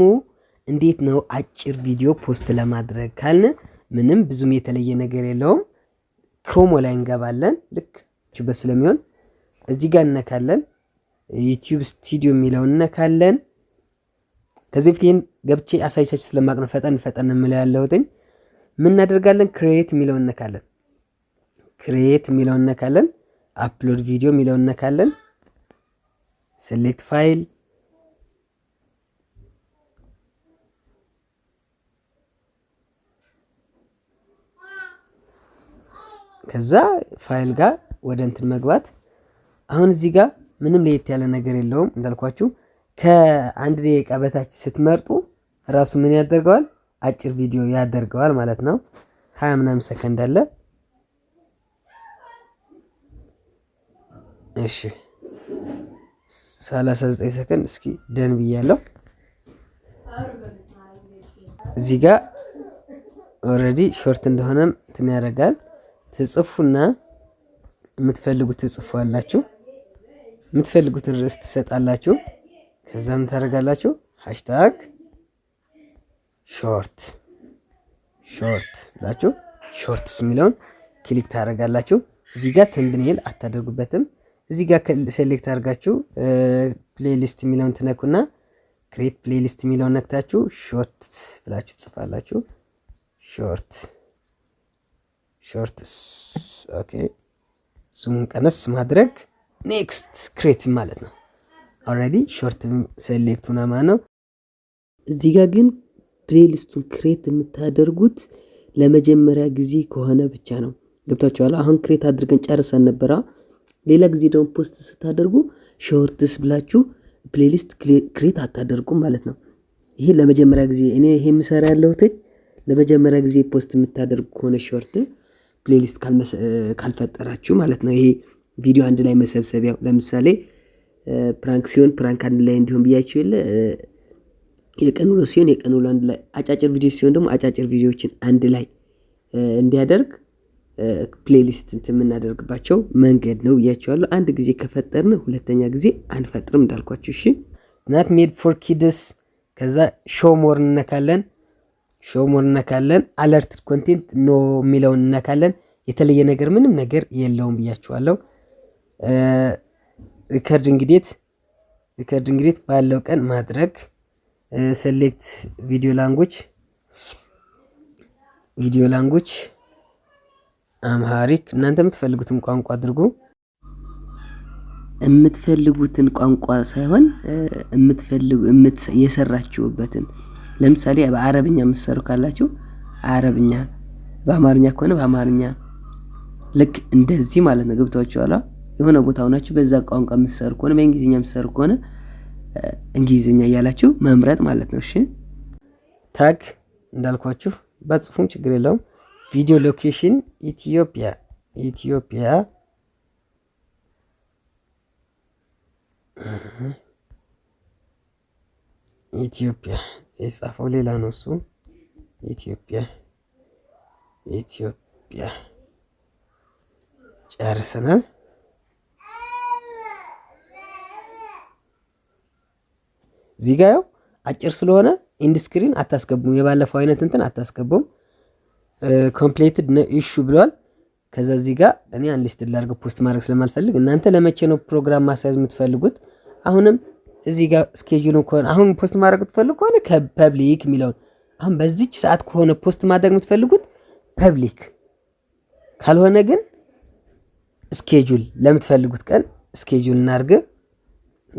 ደግሞ እንዴት ነው አጭር ቪዲዮ ፖስት ለማድረግ ካልን ምንም ብዙም የተለየ ነገር የለውም። ክሮሞ ላይ እንገባለን። ልክ ዩቲዩብ ስለሚሆን እዚህ ጋር እነካለን። ዩቲዩብ ስቱዲዮ የሚለውን እነካለን። ከዚህ በፊት ይህን ገብቼ አሳይቻችሁ ስለማቅነ ፈጠን ፈጠን የምለው ያለሁትኝ ምን እናደርጋለን? ክሬት የሚለውን እነካለን። ክሬት የሚለውን እነካለን። አፕሎድ ቪዲዮ የሚለውን እነካለን። ሴሌክት ፋይል ከዛ ፋይል ጋር ወደ እንትን መግባት። አሁን እዚህ ጋር ምንም ለየት ያለ ነገር የለውም እንዳልኳችሁ ከአንድ ደቂቃ በታች ስትመርጡ ራሱ ምን ያደርገዋል? አጭር ቪዲዮ ያደርገዋል ማለት ነው። ሀያ ምናምን ሰከንድ አለ። እሺ 39 ሰከንድ። እስኪ ደን ብያለሁ። እዚህ ጋር ኦልሬዲ ሾርት እንደሆነም እንትን ያደርጋል። ትጽፉና የምትፈልጉት ትጽፏላችሁ። የምትፈልጉትን ርዕስ ትሰጣላችሁ። ከዛ ምን ታደርጋላችሁ? ሃሽታግ ሾርት ሾርት ብላችሁ ሾርትስ የሚለውን ክሊክ ታደርጋላችሁ። እዚህ ጋር ተምብኔል አታደርጉበትም። እዚህ ጋር ሴሌክት አድርጋችሁ ፕሌሊስት የሚለውን ትነኩና ክሬት ፕሌሊስት የሚለውን ነክታችሁ ሾርት ብላችሁ ትጽፋላችሁ። ሾርት ሾርትስ ኦኬ። ዙሙን ቀነስ ማድረግ ኔክስት ክሬቲቭ ማለት ነው። ኦልሬዲ ሾርት ሴሌክቱ ናማ ነው። እዚህ ጋር ግን ፕሌሊስቱን ክሬት የምታደርጉት ለመጀመሪያ ጊዜ ከሆነ ብቻ ነው። ገብታችኋል? አሁን ክሬት አድርገን ጨርሰን ነበራ። ሌላ ጊዜ ደግሞ ፖስት ስታደርጉ ሾርትስ ብላችሁ ፕሌሊስት ክሬት አታደርጉም ማለት ነው። ይሄ ለመጀመሪያ ጊዜ እኔ ይሄ የምሰራ ያለሁት ለመጀመሪያ ጊዜ ፖስት የምታደርጉ ከሆነ ሾርት ፕሌሊስት ካልፈጠራችሁ ማለት ነው። ይሄ ቪዲዮ አንድ ላይ መሰብሰቢያው ለምሳሌ ፕራንክ ሲሆን ፕራንክ አንድ ላይ እንዲሆን ብያችሁ የለ የቀን ውሎ ሲሆን የቀን ውሎ አንድ ላይ፣ አጫጭር ቪዲዮ ሲሆን ደግሞ አጫጭር ቪዲዮዎችን አንድ ላይ እንዲያደርግ ፕሌሊስት እንትን የምናደርግባቸው መንገድ ነው ብያቸዋለሁ። አንድ ጊዜ ከፈጠርን ሁለተኛ ጊዜ አንፈጥርም እንዳልኳችሁ። እሺ ናት ሜድ ፎር ኪድስ። ከዛ ሾ ሞር እንነካለን። ሾሞር እነካለን። አለርትድ ኮንቴንት ኖ የሚለውን እነካለን። የተለየ ነገር ምንም ነገር የለውም ብያችኋለሁ። ሪከርድ እንግዴት ሪከርድ ባለው ቀን ማድረግ ሴሌክት ቪዲዮ ላንጎች ቪዲዮ ላንጎች አምሃሪክ እናንተ የምትፈልጉትን ቋንቋ አድርጉ። የምትፈልጉትን ቋንቋ ሳይሆን የሰራችሁበትን ለምሳሌ በአረብኛ የምትሰሩ ካላችሁ አረብኛ፣ በአማርኛ ከሆነ በአማርኛ ልክ እንደዚህ ማለት ነው። ገብታችኋል? የሆነ ቦታ ሆናችሁ በዛ ቋንቋ የምትሰሩ ከሆነ በእንግሊዝኛ የምትሰሩ ከሆነ እንግሊዝኛ እያላችሁ መምረጥ ማለት ነው። እሺ ታግ እንዳልኳችሁ በጽፉም ችግር የለውም። ቪዲዮ ሎኬሽን ኢትዮጵያ ኢትዮጵያ ኢትዮጵያ የጻፈው ሌላ ነው። እሱ ኢትዮጵያ ኢትዮጵያ ጨርሰናል። እዚህ ጋ ያው አጭር ስለሆነ ኢንድስክሪን አታስገቡም። የባለፈው አይነት እንትን አታስገቡም። ኮምፕሌትድ ነው ኢሹ ብሏል። ከዛ እዚህ ጋ እኔ አንሊስት ሊስት ፖስት ማድረግ ስለማልፈልግ። እናንተ ለመቼ ነው ፕሮግራም ማስያዝ የምትፈልጉት? አሁንም እዚህ ጋር ስኬጁል ከሆነ አሁን ፖስት ማድረግ የምትፈልጉ ከሆነ ከፐብሊክ የሚለውን አሁን በዚች ሰዓት ከሆነ ፖስት ማድረግ የምትፈልጉት ፐብሊክ፣ ካልሆነ ግን ስኬጁል ለምትፈልጉት ቀን ስኬጁል እናርግ።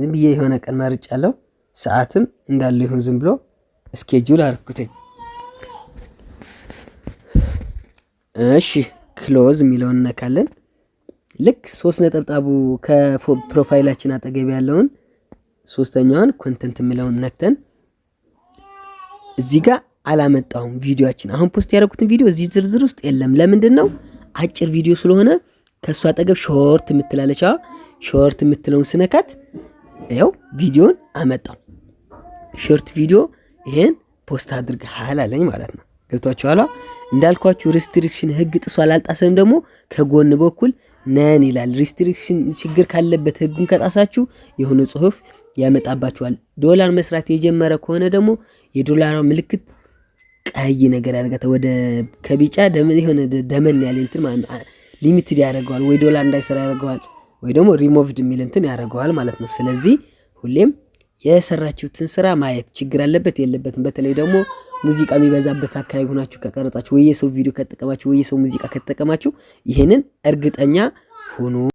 ዝም ብዬ የሆነ ቀን መርጫ አለው ሰዓትም እንዳለው ይሁን ዝም ብሎ ስኬጁል አርኩትኝ። እሺ ክሎዝ የሚለውን እነካለን። ልክ ሶስት ነጠብጣቡ ከፕሮፋይላችን አጠገብ ያለውን ሶስተኛዋን ኮንተንት የምለውን ነክተን እዚህ ጋር አላመጣሁም። ቪዲዮችን አሁን ፖስት ያደረኩትን ቪዲዮ እዚህ ዝርዝር ውስጥ የለም። ለምንድን ነው? አጭር ቪዲዮ ስለሆነ ከእሱ አጠገብ ሾርት የምትላለች ሾርት የምትለውን ስነካት ያው ቪዲዮን አመጣው። ሾርት ቪዲዮ ይሄን ፖስት አድርገሃል አለኝ ማለት ነው። ገብቷችሁ ኋላ እንዳልኳችሁ ሪስትሪክሽን ህግ ጥሶ አላልጣሰም። ደግሞ ከጎን በኩል ነን ይላል። ሪስትሪክሽን ችግር ካለበት ህጉን ከጣሳችሁ የሆነ ጽሁፍ ያመጣባቸዋል ዶላር መስራት የጀመረ ከሆነ ደግሞ የዶላሯ ምልክት ቀይ ነገር ያደርጋታል። ወደ ከቢጫ የሆነ ደመን ያለ እንትን ሊሚትድ ያደርገዋል፣ ወይ ዶላር እንዳይሰራ ያደርገዋል፣ ወይ ደግሞ ሪሞቭድ የሚል እንትን ያደርገዋል ማለት ነው። ስለዚህ ሁሌም የሰራችሁትን ስራ ማየት ችግር አለበት የለበትም። በተለይ ደግሞ ሙዚቃ የሚበዛበት አካባቢ ሆናችሁ ከቀረጻችሁ ወይ የሰው ቪዲዮ ከተጠቀማችሁ ወይ የሰው ሙዚቃ ከተጠቀማችሁ ይህንን እርግጠኛ ሁኑ።